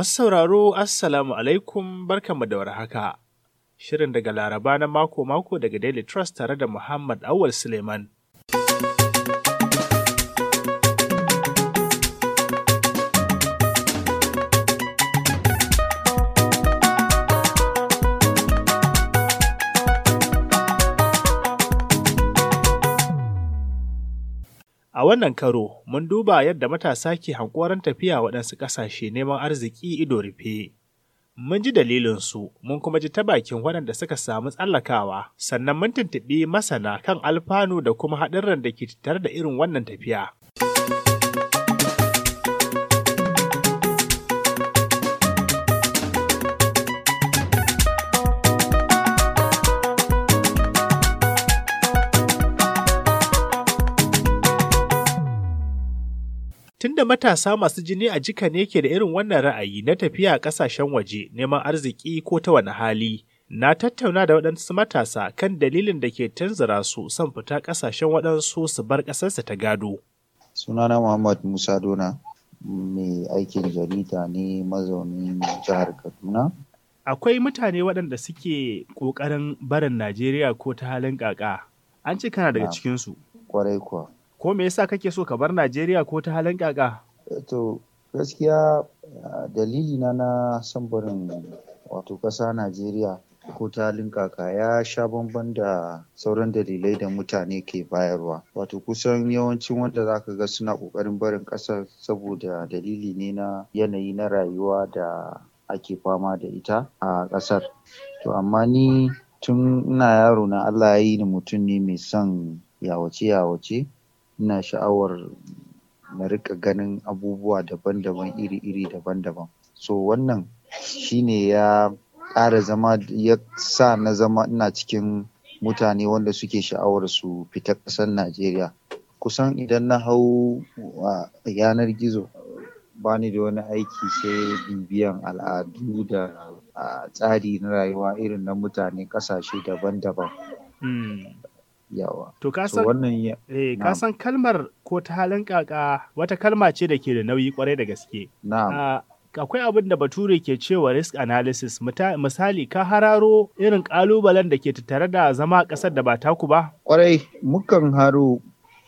Masu sauraro, Assalamu alaikum barkanmu da warhaka. Shirin daga Laraba na mako-mako daga Daily Trust tare da Muhammad Awal Suleiman. A wannan karo, mun duba yadda matasa ke hankoran tafiya waɗansu ƙasashe neman arziki ido rufe. Mun ji dalilinsu, mun kuma ji ta bakin waɗanda suka samu tsallakawa, sannan mun tuntuɓi masana kan alfanu da kuma haɗurran da ke tattare da irin wannan tafiya. Tunda matasa masu jini a jika ne ke da irin wannan ra'ayi na tafiya ƙasashen waje neman arziki ko ta wani hali, na tattauna da waɗansu matasa kan dalilin da ke tunzura su son fita ƙasashen waɗansu su bar ƙasarsa ta gado. Sunana Muhammad Musa Dona, mai aikin jarida ne mazaunin jihar Kaduna. Akwai mutane waɗanda suke ƙoƙarin barin Najeriya ko ta halin ƙaƙa, an ce kana daga cikinsu. Kwarai kuwa. ko me yasa kake so ka bar Najeriya ko ta halin kaka? To gaskiya dalili na na son barin wato ƙasa Najeriya ko ta halin kaka ya sha bamban da sauran dalilai da mutane ke bayarwa. Wato kusan yawancin wanda za ka ga suna ƙoƙarin barin ƙasar saboda dalili ne na yanayi na rayuwa da ake fama da ita a ƙasar. To amma ni tun ina yaro na Allah ya yi ni mutum ne mai son yawace-yawace. ina sha'awar na rika ganin abubuwa daban-daban iri-iri daban-daban so wannan shine ya ƙara zama ya sa na zama ina cikin mutane wanda suke sha'awar su fita ƙasar Najeriya kusan idan na hau yanar gizo ba ni da wani aiki sai bibiyan al'adu da tsari na rayuwa irin na mutane ƙasashe daban-daban hmm. yawa. To kasan eh, kalmar ko ta halin kaka wata kalma ce da ke da nauyi kwarai da gaske. Ah, akwai abin da bature ke cewa risk analysis misali ka hararo irin kalubalen da ke tattare da zama ƙasar da ba taku ba? Kwarai, mukan haro,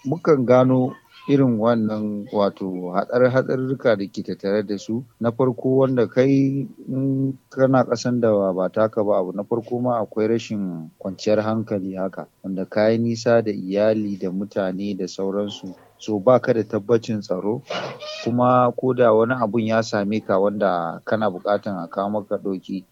mukan gano irin wannan wato hatsar-hatsarurruka da ke tattare da su na farko wanda kai in kana kasan da ba taka ba abu na farko ma akwai rashin kwanciyar hankali haka wanda kayi nisa da iyali da mutane da sauransu so ka da tabbacin tsaro kuma ko da wani abun ya same ka wanda kana bukatan a kawo maka doki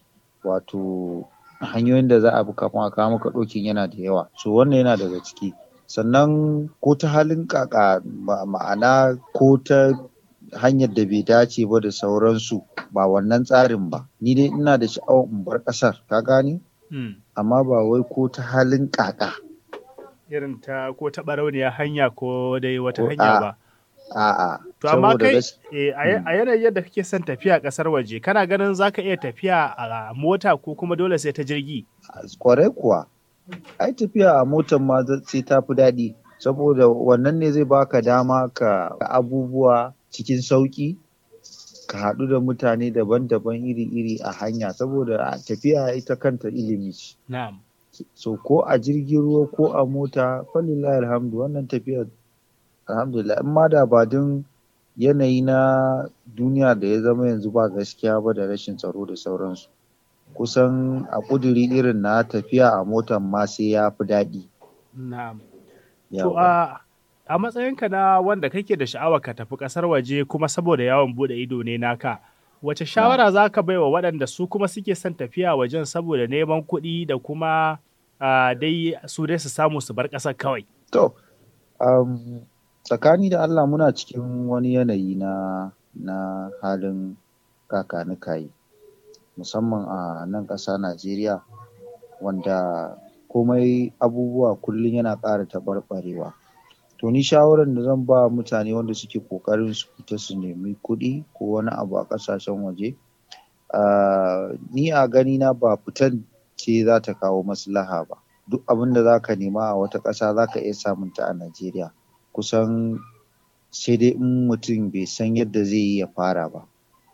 wato hanyoyin da za a bi kafin a kawo maka dokin yana da yawa so wannan yana daga ciki sannan ko ta halin kaka ma'ana ko ta hanyar da bai dace ba da sauransu ba wannan tsarin ba ni dai ina da sha'awar in bar kasar ka gani hmm. amma ba wai ko ta halin kaka irin ta ko ta barauniya hanya ko dai wata hanya ba A'a. To amma kai eh, hmm. a yanayin yadda kake son tafiya kasar waje kana ganin zaka iya tafiya a mota ko kuma dole sai ta jirgi? Kwarai kuwa. Ai tafiya a motan ma sai ta fi daɗi saboda wannan ne zai baka dama ka abubuwa cikin sauƙi ka haɗu da mutane daban-daban iri-iri a hanya saboda tafiya ita kanta ilimi ce. Na'am. So ko a jirgin ruwa ko a mota falilai alhamdu wannan tafiyar alhamdulillah in ma da ba don yanayi na duniya da ya zama yanzu ba gaskiya ba da rashin tsaro da sauransu. kusan a ƙuduri irin na tafiya a motan ma sai ya fi daɗi. a matsayinka na wanda kake da sha'awa ka tafi ƙasar waje kuma saboda yawon buɗe ido ne naka. Wace shawara za ka baiwa waɗanda su kuma suke son tafiya wajen saboda neman kuɗi da kuma dai su dai su samu su bar ƙasar kawai? To, tsakani da Allah muna cikin wani yanayi na, na halin kakanikayi. musamman a nan ƙasa Najeriya wanda komai abubuwa kullum yana ƙara taɓarɓarewa. To ni shawaran da zan ba mutane wanda suke ƙoƙarin su fita su nemi kuɗi ko wani abu a ƙasashen waje um ni a gani na ba fitan ce za ta kawo maslaha ba. Duk abin da za ka nema a wata ƙasa za ka iya samun ta a Najeriya. Kusan sai dai in mutum bai san yadda zai yi ya fara ba.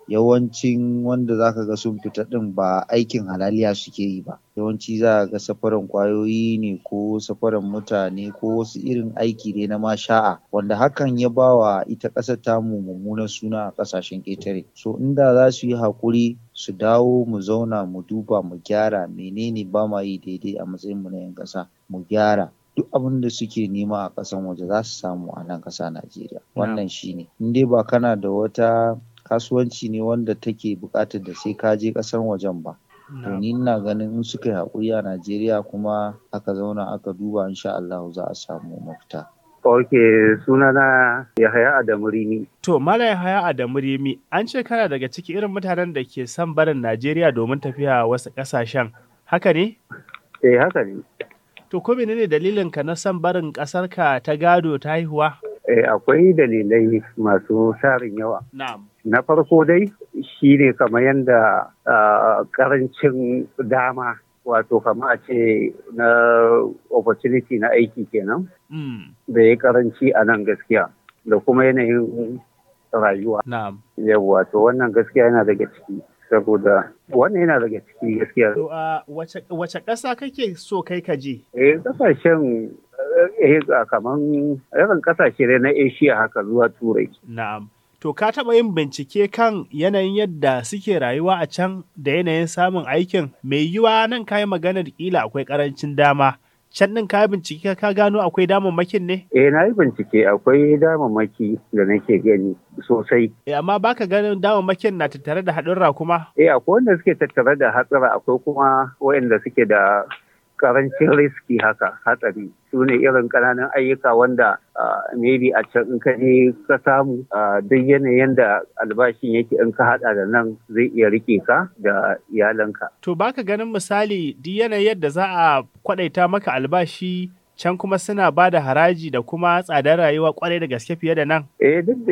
yawancin wanda za ka ga sun fita din ba aikin halaliya suke yi ba yawanci za ga safaran kwayoyi ne ko safaran mutane ko wasu irin aiki ne na masha'a wanda hakan ya bawa ita ƙasar tamu mummunan suna a ƙasashen ƙetare so inda za su yi haƙuri su dawo mu zauna mu duba mu gyara menene ba ma yi daidai a matsayin mu na 'yan ƙasa mu gyara duk abin da suke nema a ƙasan waje za su samu a nan ƙasa Najeriya wannan shine in dai ba kana da wata kasuwanci ne wanda take buƙatar da sai ka je ƙasar wajen ba to ni ina ganin in suka yi haƙuri a Najeriya kuma aka zauna aka duba sha Allah za a samu mafita Ok, suna na Yahaya Adamu Rimi. To, Mala Yahaya Adamu Rimi, an ce kana daga ciki irin mutanen da ke son barin Najeriya domin tafiya wasu ƙasashen, haka ne? Eh, haka ne. To, ko menene dalilin ka na son barin ƙasarka ta gado ta haihuwa? eh akwai dalilai masu sarin yawa. Na farko dai shi ne kamar yadda karancin ah, dama wato kama a ce na opportunity na aiki kenan hmm. da ya karanci a nan gaskiya da kuma yanayin rayuwa. Yawwa to wannan gaskiya yana daga ciki. saboda wannan yana daga ciki gaskiya. To a wace ƙasa kake so kai ka je? Eh ƙasashen eh kaman irin kasashe ne na Asia haka zuwa Turai. Na'am. To ka taɓa yin bincike kan yanayin yadda suke rayuwa a can da yanayin samun aikin mai yiwa nan kayi maganar kila akwai ƙarancin dama. can ɗin ka bincike ka gano akwai damammakin ne? Eh na yi bincike akwai damammaki da nake gani sosai. Eh amma baka ganin damammakin na tattare da haɗurra kuma? Eh akwai wanda suke tattare da hatsara akwai kuma waɗanda suke da karancin riski haka hatsari su ne irin ƙananan ayyuka wanda maybe a can in ka je ka samu duk yanayin da albashin yake in ka hada da nan zai iya rike ka da iyalanka. To baka ganin misali duk yanayin yadda za a kwadaita maka albashi can kuma suna ba da haraji da kuma tsadar rayuwa kwarai da gaske fiye da nan? Eh duk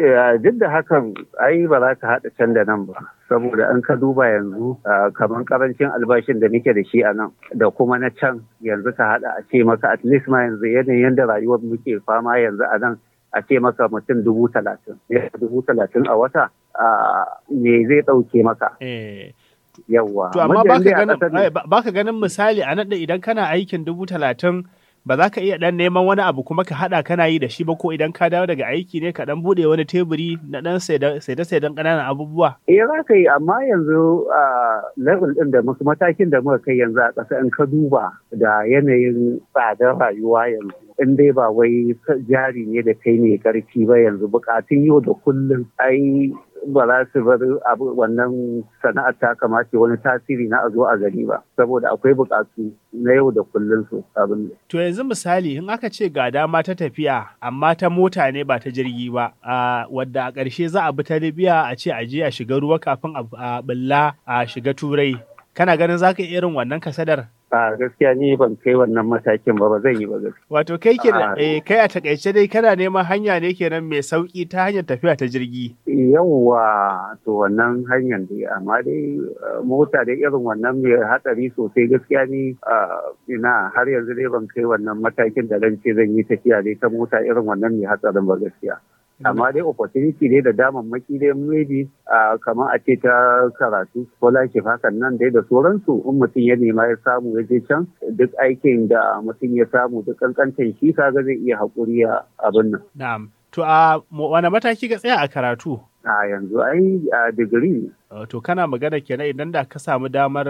da hakan ai ba za ka haɗa can da nan ba. Saboda an ka duba yanzu kamar karancin albashin da muke da shi a nan da kuma na can yanzu ka haɗa a ce maka at least ma yanzu yanayin da rayuwar muke fama yanzu a nan a ce maka mutum dubu talatin. dubu talatin a wata me zai ɗauke maka. Eh. Yawwa. To amma ka ganin misali a nan idan kana aikin dubu talatin ba za ka iya ɗan neman wani abu kuma ka haɗa kana yi da shi ba ko idan ka dawo daga aiki ne ka ɗan buɗe wani teburi na ɗan saida da ƙananan abubuwa? Eh za ka yi amma yanzu a level ɗin da matakin da muka kai yanzu a ƙasa in ka duba da yanayin tsadar rayuwa yanzu in dai ba wai jari ne da kai ne karfi ba yanzu buƙatun yau da kullum ai ba za su bar wannan sana'ar ta kamace wani tasiri na a zo a gani ba saboda akwai buƙatu na yau da kullun su abin to yanzu misali in aka ce ga dama ta tafiya amma ta mota ne ba ta jirgi ba wadda a ƙarshe za a bi ta libya a ce a je a shiga ruwa kafin a bulla a shiga turai kana ganin zaka irin wannan kasadar a gaskiya ni ban kai wannan matakin ba ba zan yi ba gaskiya wato kai ke ah. eh, kai a takaice dai kana neman hanya ne kenan mai sauki ta hanyar tafiya ta jirgi yawwa to wannan hanyar dai amma dai eh, mota dai irin wannan mai hatsari sosai gaskiya ni ah, ina har yanzu dai ban kai wannan matakin da zan ce zan yi tafiya dai ta mota irin wannan mai hatsarin ba gaskiya amma dai opportunity ne da daman maki dai maybe kamar a ce ta karatu scholarship hakan nan dai da sauransu in mutum ya nema ya samu ya je can duk aikin da mutum ya samu duk kankancin shi kaga zai iya haƙuri a abin nan. Na'am. To a wane mataki ka tsaya a karatu? A yanzu ai a digiri. Oh, to kana magana kenan idan da ka samu damar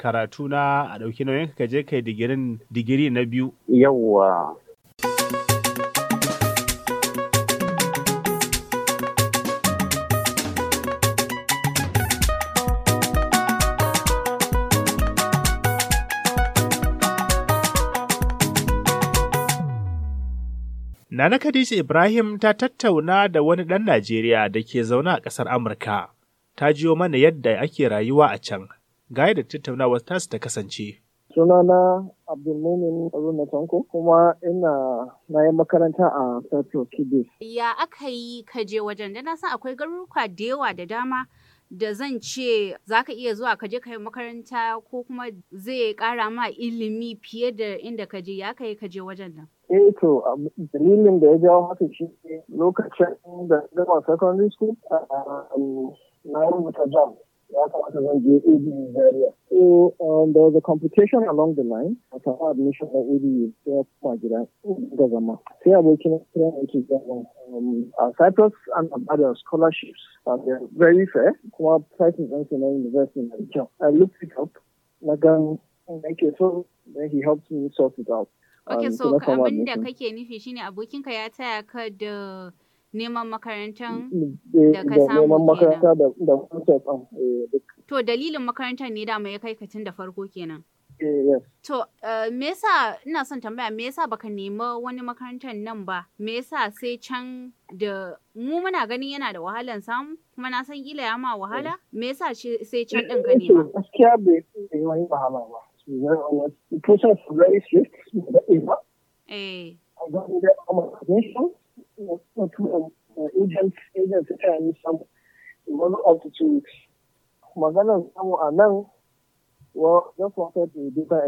karatu na a ɗauki nauyin ka je kai digirin digiri na biyu. Yawwa. Nana Khadija Ibrahim ta tattauna da wani ɗan Najeriya da ke zaune a ƙasar Amurka. Ta jiyo mana yadda ake rayuwa a can. Ga yadda tattaunawar tasu ta kasance. Sunana Abdulmumin Aruna Tanko kuma ina na yi makaranta a Sato Kibis. Ya aka yi kaje wajen da na san akwai garuruka da yawa da dama da zan ce za ka iya zuwa kaje je ka yi makaranta ko kuma zai kara ma ilimi fiye da inda kaje je ya kai yi kaje wajen nan? eh to um, dalilin da ya jawo haka shi lokacin da gama secondary school um, na rubuta jam ya kamata zan je ABU Zaria. So um, there was a complication along the line a samu admission na ABU sai ya kuma gida ga zama. Sai abokin kiran yake zama. Um, Cyprus scholarships and they very fair kuma prices and university I looked it up na gan nake so then he helped me sort it out. Okay, so abin da kake nufi shine abokinka ya taya ka da neman makarantar eh, da ka samu kenan. Eh, to dalilin makarantar ne mai ya kai ka tun da farko kenan. Eh, to me yasa ina son tambaya me yasa baka nema wani makarantar nan ba me yasa sai can da mu muna ganin yana da wahalan samu kuma na san kila ya ma wahala me yasa sai can din ka nema. Gaskiya bai wani wahala ba. process is very swift da ina a gani da amurkation wato agents agents ta yi samu wani of the two weeks maganar samu a nan well just wanted a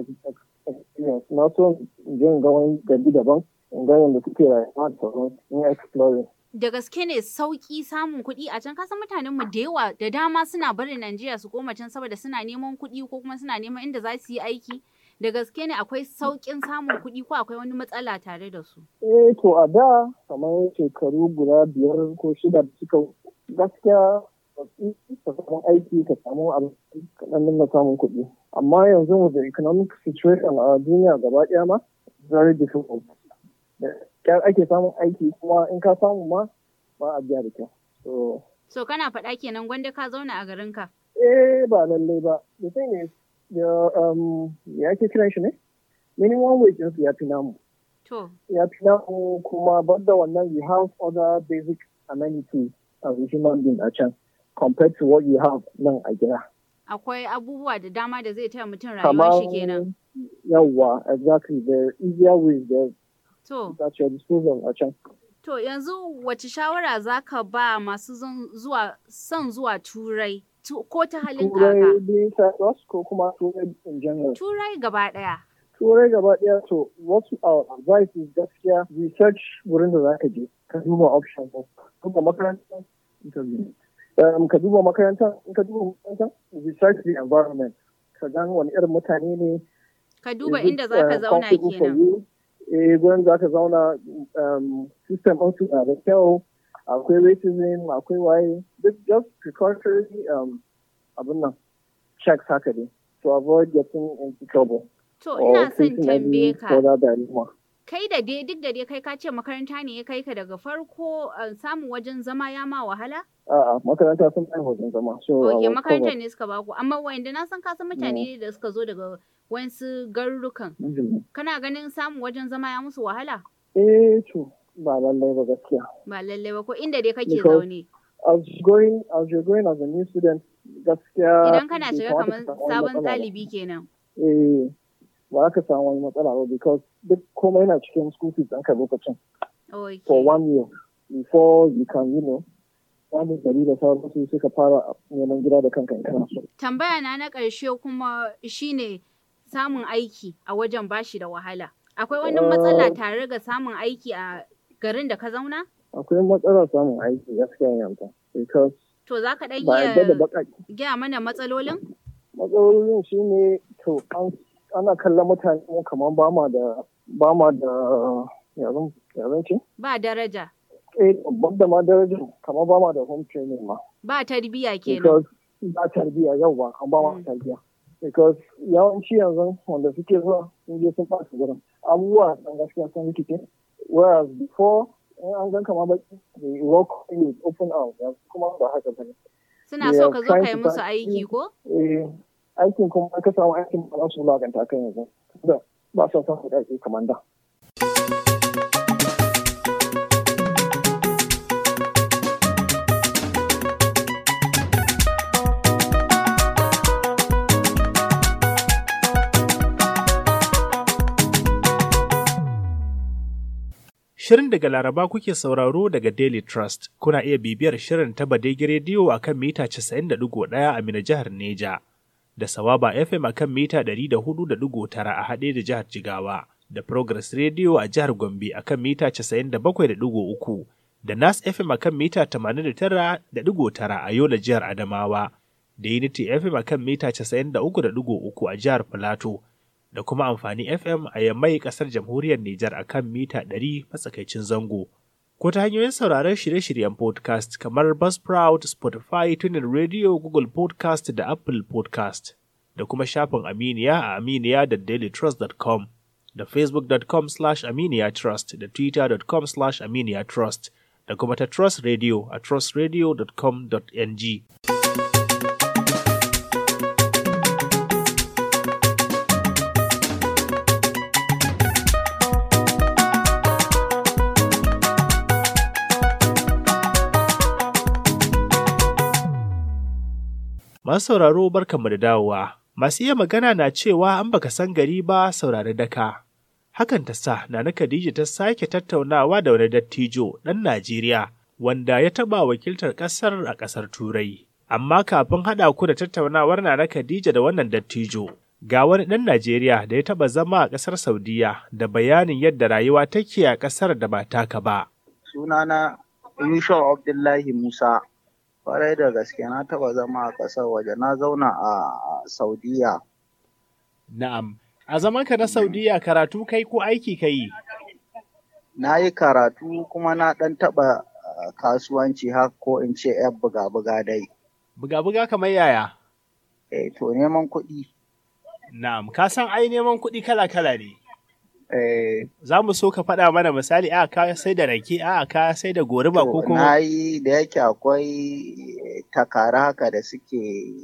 experience na so jin gawan gari daban in ganin da suke rayuwa da sauran in exploring da gaske ne sauki samun kuɗi a can kasan mutanen mu da yawa da dama suna barin Najeriya su koma can saboda suna neman kuɗi ko kuma suna neman inda za su yi aiki da gaske ne akwai saukin samun kuɗi ko akwai wani matsala tare da su eh to a da kamar shekaru guda biyar ko shida da suka gaskiya ka samu aiki ka samu abin kaɗan na samun kuɗi amma yanzu mu da economic situation a duniya gaba ɗaya ma very difficult kyar ake samun aiki kuma in ka samu ma ba a biya da kyau. So, kana faɗa kenan gwanda ka zauna a garin ka? Eh ba lallai ba. The thing is, ya um, ke kiran shi ne? Minimum wage ɗinsu ya fi namu. To. Ya fi namu kuma ban da wannan you have other basic amenities as a human being a can compared to what you have nan a gida. Akwai abubuwa da dama da zai taya mutum rayuwa shi kenan. Yawwa, exactly. The easier ways, the To. can. To yanzu wace shawara za ka ba masu zuwa son zuwa turai ko ta halin kaka? Turai being Cyprus ko kuma turai in general? Turai gaba ɗaya. Turai gaba ɗaya to what our advice is gaskiya research wurin da za ka je ka duba option ko kuma makaranta interview. Um, ka duba makaranta in ka duba makaranta research the environment ka gan wani irin mutane ne. Ka duba inda za ka uh, zauna kenan. eh za ka zauna um, system ɗinsu na da kyau akwai racism akwai waye duk just precautionary um, abin nan check haka dai to avoid getting into trouble to ina son tambaye ka kai da dai duk da dai kai ka ce makaranta ne ya kai ka daga farko eh, samun wajen zama ya ma wahala? A'a makaranta sun kai wajen zama. Ok makaranta ne suka baku amma wanda na san kasan mutane mm. ne da suka zo daga wasu garurukan. Kana ganin samun wajen zama ya musu wahala? Eh to ba lallai ba gaskiya. Ba lallai ba ko inda dai kake zaune. As going as you're going as a new student gaskiya. Idan kana shiga kamar sabon ɗalibi kenan. Eh. ba za ka samu wani matsala ba because duk komai yana cikin school fees ɗanka lokacin for one year before you can you know samun gari da sauransu sai ka fara neman gida da kanka in kana so. Tambaya na na ƙarshe kuma shine samun aiki a wajen bashi da wahala. Akwai wani uh, matsala tare ga samun aiki a garin da ka zauna? Akwai matsala samun aiki gaskiya yanta. Because to za ka ɗan iya gaya mana matsalolin? Matsalolin shine to an ana kallon mutane kamar ba ma da ba ma da yaron ce ba daraja eh ba da ma daraja kamar ba ma da home training ma ba tarbiya kenan ba tarbiya yau ba an ba ma mm. tarbiya because yawanci yanzu wanda suke zuwa sun je sun fasa gurin abubuwa san gaskiya sun rikice whereas before in an gan kama baki the work is open out yanzu kuma ba haka ne. suna so ka zo kai musu aiki ko eh aikin kuma ka samu aikin ba su laganta kan yanzu da ba su san kuɗaɗe ake da. Shirin daga Laraba kuke sauraro daga Daily Trust, kuna iya bibiyar shirin ta Badegi Radio a kan mita 91 a Mina jihar Neja. da Sawaba FM a kan mita 104.9 a haɗe da jihar Jigawa, da Progress Radio a jihar Gombe a kan mita 97.3, da Nas FM a kan mita 89.9 a Yola jihar Adamawa, da Unity FM a kan mita 93.3 a jihar Filato, da kuma amfani FM a yammai ƙasar jamhuriyar Nijar a kan mita 100 matsakaicin zango. ko ta hanyoyin sauraron shirye-shiryen podcast kamar Buzzsprout, Spotify, Tunin Radio, Google Podcast da Apple Podcast, da kuma shafin Aminiya a aminiya da dailytrust.com, da facebook.com aminiyatrust da twitter.com aminiyatrust, da kuma ta Trust Radio a trustradio.com.ng. Masu sauraro mu da dawowa. Masu iya magana na cewa an baka san gari ba saurari daka. Hakan ta sa na na Khadija ta sake tattaunawa da wani dattijo ɗan Najeriya wanda ya taɓa wakiltar ƙasar a ƙasar Turai. Amma kafin haɗa ku da tattaunawar na na Khadija da wannan dattijo, ga wani ɗan Najeriya da ya taɓa zama a ƙasar Saudiya da bayanin yadda rayuwa take a ƙasar da ba taka ba. Sunana Yusuf Abdullahi Musa Kwarai da gaske na taɓa zama a ƙasar waje, na zauna a Saudiya. Na'am, a zamanka na Saudiya karatu kai ko aiki ka yi? Na yi karatu kuma na ɗan taɓa kasuwanci har ko in ce ‘yan buga-buga dai. Buga-buga kamar yaya? Eh, to neman kuɗi. Na'am, ka san ai neman kuɗi kala-kala ne. Eh. Za mu so ka faɗa mana misali a ka sai da rake a ka sai da goriba ko kuma. Na yi da yake akwai eh, takara haka da suke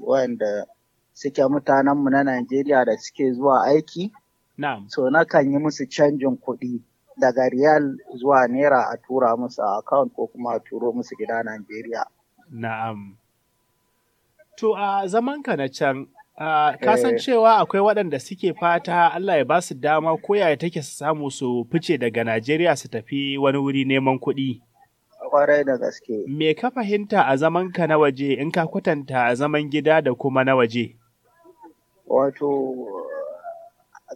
wanda suke mutanenmu na Najeriya da suke zuwa aiki. Na'am. So na kan yi musu canjin kuɗi daga riyal zuwa naira a tura musu a account ko kuma a turo musu gida Najeriya. Na'am. To a zamanka na can kasan eh. cewa akwai waɗanda suke fata Allah ya ba su dama ko yaya take su samu su fice daga Najeriya su tafi wani wuri neman kuɗi. Kwarai da gaske. Me ka fahimta a zaman ka na waje in ka kwatanta a zaman gida da kuma na waje? Wato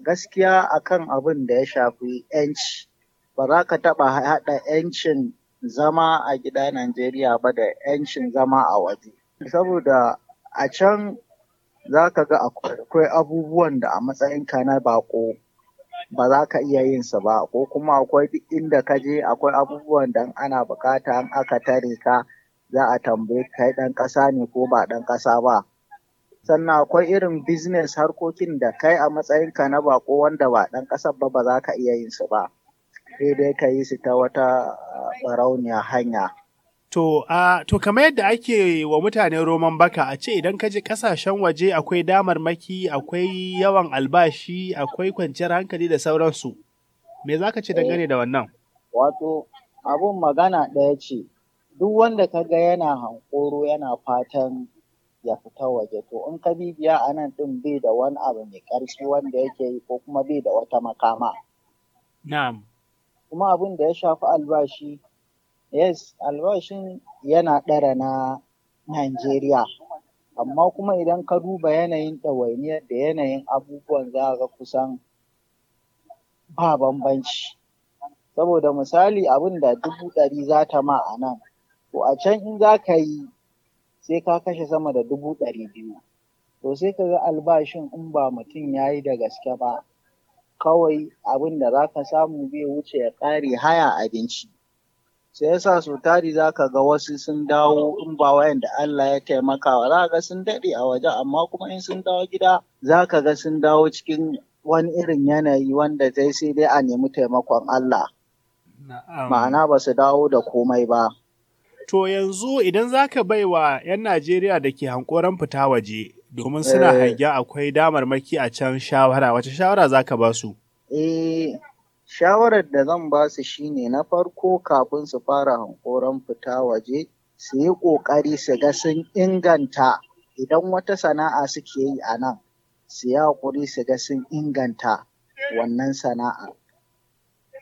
gaskiya akan abin da ya shafi 'yanci ba za ka taɓa haɗa 'yancin zama a gida Najeriya ba da 'yancin zama a waje. Saboda a can za ka ga akwai abubuwan da a matsayin ka na bako ba za ka iya yin su ba ko kuma akwai duk inda ka je akwai abubuwan da ana bukata an aka tare ka za a tambaye kai ɗan ƙasa ne ko ba dan ƙasa ba sannan akwai irin business harkokin da kai a matsayin ka na bako wanda ba ɗan ƙasan ba ba za ka iya yin su ba sai dai ka yi su ta wata ah, barauniya hanya To, to kamar yadda ake wa mutane roman baka a ce idan kaje kasashen waje akwai damar maki, akwai yawan albashi, akwai kwanciyar hankali da sauransu. Me za ka ce eh. dangane da wannan? Wato, abun magana ɗaya ce, duk wanda ka ga yana hankoro yana fatan ya fita waje, to in ka bibiya a nan ɗin bai da wani abu mai ƙarfi wanda yake yi ko kuma bai da wata makama. Na'am. Kuma abin da ya shafi albashi, Yes, albashin yana ɗara na Najeriya. Amma kuma idan ka duba yanayin ɗawainiyar da yanayin abubuwan za ga kusan ba bambanci. Saboda misali abin da dubu ɗari za ta ma a nan, to a can in za ka yi sai ka kashe sama da dubu ɗari biyu. To sai ka ga albashin in ba mutum ya yi da gaske ba, kawai abin da za ka samu bai wuce ya ƙare haya abinci. sai yasa sau tari za ka ga wasu sun dawo in ba wayan da Allah ya taimaka wa za ga sun daɗe a waje amma kuma in sun dawo gida za ka ga sun dawo cikin wani irin yanayi wanda zai sai dai a nemi taimakon Allah ma'ana ba su dawo da komai ba to yanzu idan za ka bai wa 'yan Najeriya da ke hankoran fita waje domin suna eh. hangen akwai damarmaki a can shawara wace shawara za ka ba su? Eh, Shawarar da zan ba su shine na farko kafin su fara hankoron fita waje su yi ƙoƙari su ga sun inganta idan wata sana'a suke yi a nan su yi haƙuri su ga sun inganta wannan sana'a.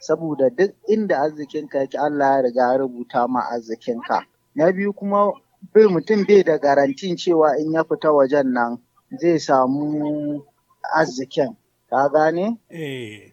Saboda duk inda arzikinka yake Allah ya riga rubuta ma arzikinka. Na biyu kuma bai mutum bai da garantin cewa in ya fita wajen nan zai samu arzikin. Ka gane? Eh.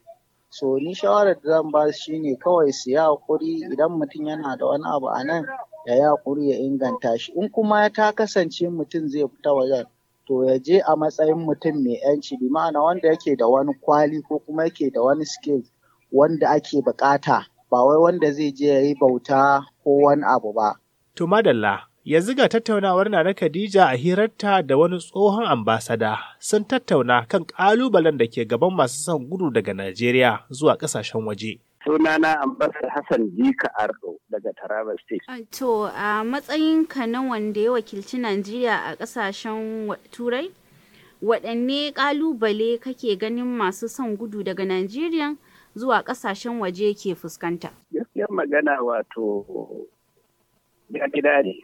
so ni shawarar da zan ba shi ne kawai su yi hakuri idan mutum yana da wani abu a nan ya yi hakuri ya inganta shi in kuma ta kasance mutum zai fita wajen to ya je a matsayin mutum mai yanci bi ma'ana wanda yake da wani kwali ko kuma yake da wani skills wanda ake bukata ba wai wanda zai je ya yi bauta ko wani abu ba. To madalla Yanzu ga tattaunawar na Khadija a hirarta da wani tsohon ambasada sun tattauna kan ƙalubalen da ke gaban masu son gudu daga Najeriya zuwa ƙasashen waje. sunana ambasar hassan jika ardo daga taraba state to a ka na wanda ya wakilci najeriya a kasashen turai waɗanne ƙalubale kake ganin masu son gudu daga najeriya zuwa kasashen waje ke fuskanta magana wato gida ne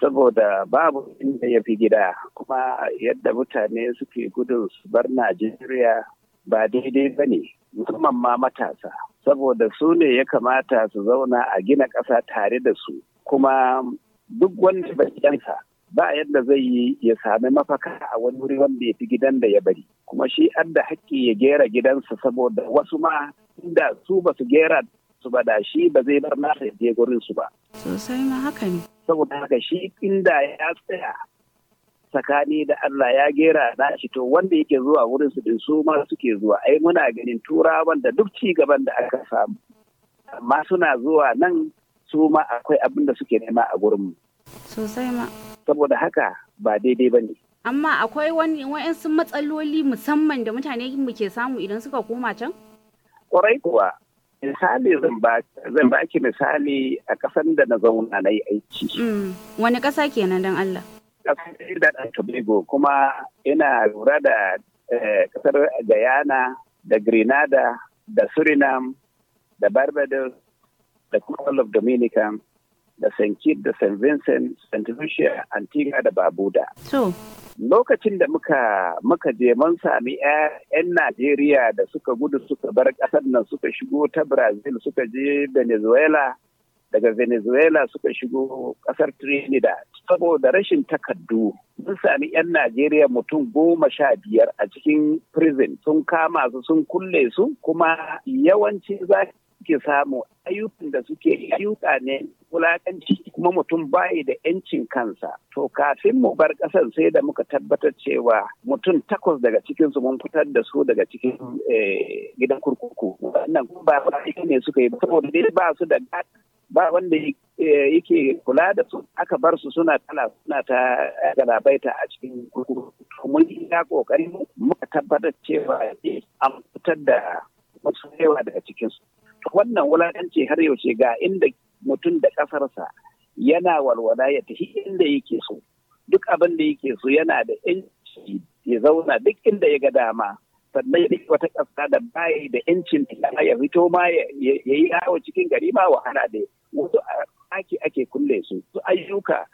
saboda babu inda ya fi gida kuma yadda mutane suke gudu su bar Najeriya ba daidai ba ne musamman ma matasa saboda su ne ya kamata su zauna a gina ƙasa tare da su kuma duk wanda ba gidansa ba yadda zai yi ya sami mafaka a wani wuri wanda ya fi gidan da ya bari kuma shi an da haƙƙi ya gera gidansa saboda wasu ma inda su ba su gera su ba da shi ba zai bar nasa ya je gurin su ba. Sosai ma haka ne. Saboda haka shi inda ya tsaya tsakani da Allah ya gera na shi to wanda yake zuwa wurin su din su ma suke zuwa ai muna ganin turawan da duk ci gaban da aka samu amma suna zuwa nan su ma akwai abin da suke nema a gurin mu. Sosai ma. Saboda haka ba daidai ba ne. amma akwai wa'yansu matsaloli musamman da mutane ke samu idan suka koma can? Kwarai kuwa, misali zan baki misali a kasan da na zauna na yi aiki. Mm. Wani ƙasa kenan don Allah? Ƙasar da Tobago kuma ina lura da eh, ƙasar Guyana da Grenada da Suriname da Barbados da Commonwealth of Dominican da St. Kitts da St. Vincent, St. Lucia, Antigua da Barbuda. lokacin da muka muka je mun sami 'yan Najeriya da suka gudu suka bar ƙasar nan suka shigo ta Brazil suka je Venezuela daga Venezuela suka shigo ƙasar Trinidad saboda rashin takardu mun sami 'yan Najeriya mutum goma sha biyar a cikin prison sun kama su sun kulle su kuma yawanci za suke samu ayyukan da suke ayyuka ne kulakanci kuma mutum bayi da yancin kansa to kafin mu bar kasar sai da muka tabbatar cewa mutum takwas daga cikin su mun fitar da su daga cikin eh, gidan kurkuku wannan ba ne suka yi saboda dai ba su da ba wanda eh, yake kula da su aka bar su suna tana suna ta galabaita a cikin kurkuku mun yi ya kokari muka tabbatar cewa an fitar da wasu yawa daga cikinsu wannan wulaƙanci har yaushe ga inda mutum da ƙasarsa yana walwala ya tafi inda yake so duk abin da yake so yana da yanci ya zauna duk inda ya ga dama sannan duk wata ƙasa da bayi da yancin tilama ya fito ma ya yi yawo cikin gari ma wahala da wasu ake ake kulle su su ayyuka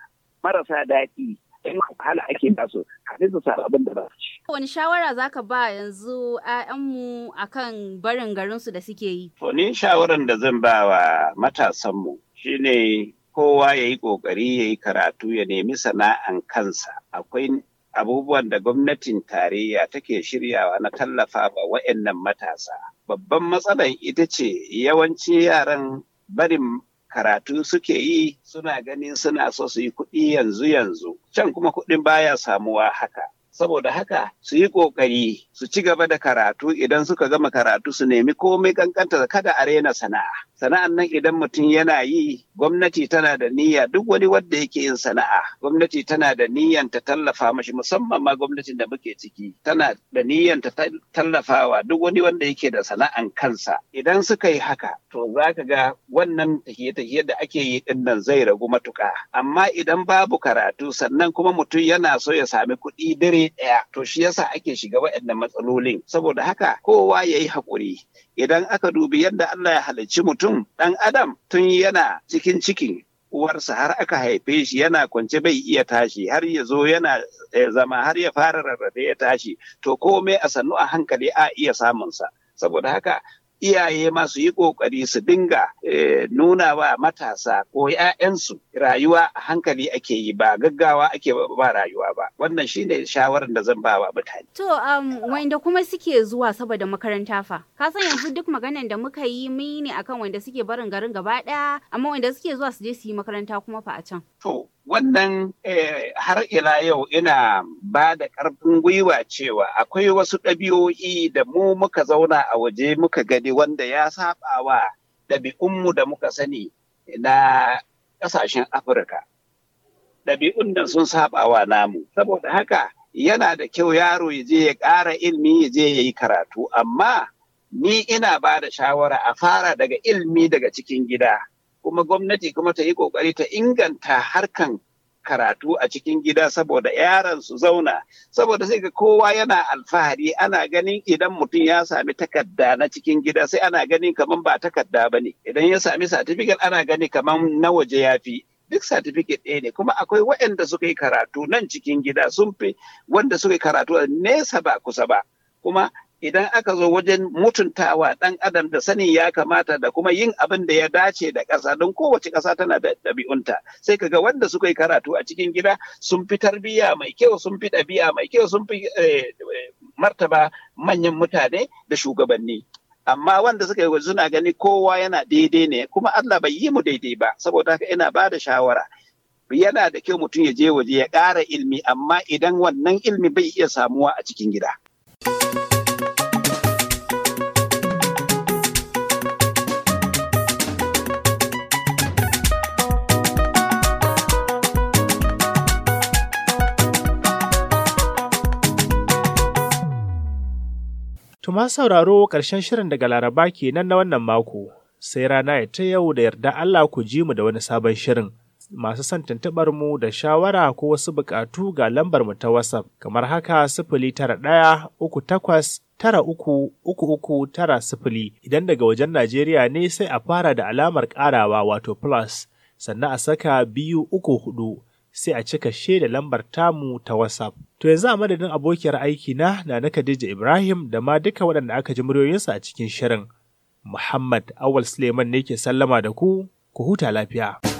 marasa daɗi in wahala ake basu kafin su samu abin da ba su ci. Wani shawara za ka ba yanzu 'ya'yanmu a kan barin garinsu da suke yi? Wani shawaran da zan ba wa matasanmu shine kowa ya yi ƙoƙari ya yi karatu ya nemi sana'an kansa. Akwai abubuwan da gwamnatin tarayya take shiryawa na tallafa wa wa'annan matasa. Babban matsalar ita ce yawanci yaran barin karatu suke yi suna ganin suna so su yi kuɗi yanzu yanzu can kuma kuɗin baya samuwa haka saboda haka su yi ƙoƙari su ci gaba da karatu idan suka gama karatu su nemi komai kankanta kada a rena sana'a sana'an nan idan mutum yana yi gwamnati tana da niyya duk wani wanda yake yin sana'a gwamnati tana da niyyan ta tallafa mashi musamman ma gwamnatin da muke ciki tana da niyyan ta tallafawa duk wani wanda yake da sana'an kansa idan suka yi haka to za ka ga wannan tahiye-tahiye da ake yi din nan zai ragu matuƙa amma idan babu karatu sannan kuma mutum yana so ya sami kuɗi dare ɗaya to shi yasa ake shiga waɗannan matsalolin saboda haka kowa ya yi haƙuri idan aka dubi yadda Allah ya halicci mutum mutum ɗan adam tun yana cikin cikin uwarsa har aka haife shi yana kwance bai iya tashi har ya zo yana eh, zama har ya fara rarrafe ya tashi to komai a sannu a hankali a iya samunsa saboda haka iyaye masu yi kokari su dinga eh, nuna wa matasa ko 'ya'yansu rayuwa a hankali ake yi ba gaggawa ake ba rayuwa ba wannan shi ne shawarar da zan ba wa mutane to um, wanda kuma suke zuwa saboda makaranta fa ka yanzu duk maganan da muka yi mini akan wanda suke barin garin gaba daya amma wanda suke zuwa su je su yi makaranta kuma fa a can to wannan eh, har ila yau ina ba da ƙarfin gwiwa cewa akwai wasu ɗabi'o'i da mu muka zauna a waje muka gani wanda ya saba wa ɗabi'unmu da muka sani na ƙasashen afirka ɗabi'un nan sun saba wa namu saboda haka yana da kyau yaro ya je ya ƙara ilmi ya je ya yi karatu amma ni ina ba da shawara a fara daga ilmi daga cikin gida kuma gwamnati kuma ta yi kokari ta inganta harkan karatu a cikin gida saboda yaran su zauna saboda sai ga kowa yana alfahari ana ganin idan mutum ya sami takarda na cikin gida sai ana ganin kaman ba takarda ba ne idan ya sami satifiket ana gani kaman na waje ya fi duk satifiket ɗaya ne kuma akwai waɗanda suka yi karatu nan cikin gida sun fi wanda suka yi karatu a nesa ba kusa ba kuma idan aka zo wajen mutuntawa ɗan adam da sanin ya kamata da kuma yin abin da ya dace da ƙasa don kowace ƙasa tana da ɗabi'unta sai kaga wanda suka yi karatu a cikin gida sun fi tarbiyya mai kyau sun fi ɗabi'a mai kyau sun fi eh, eh, martaba manyan mutane da shugabanni amma wanda suka yi suna gani kowa yana daidai ne kuma Allah bai yi mu daidai ba saboda haka ina ba da shawara yana da kyau mutum ya je waje ya ƙara ilmi amma idan wannan ilmi bai iya samuwa a cikin gida. To sauraro ƙarshen shirin daga Laraba kenan na wannan mako, sai rana ya ta yau da yarda Allah ku ji mu da wani sabon shirin. Masu son tuntuɓar mu da shawara ko wasu buƙatu ga lambar mu ta WhatsApp kamar haka sifili tara ɗaya uku takwas tara uku uku uku tara sifili idan daga wajen Najeriya ne sai a fara da alamar ƙarawa wato plus sannan a saka biyu uku hudu sai a cika she da lambar tamu ta WhatsApp. To yanzu a madadin abokiyar aiki na na na Khadija Ibrahim da ma duka waɗanda aka ji muryoyinsu a cikin shirin. Muhammad Awal Suleiman ne ke sallama da ku, ku huta lafiya.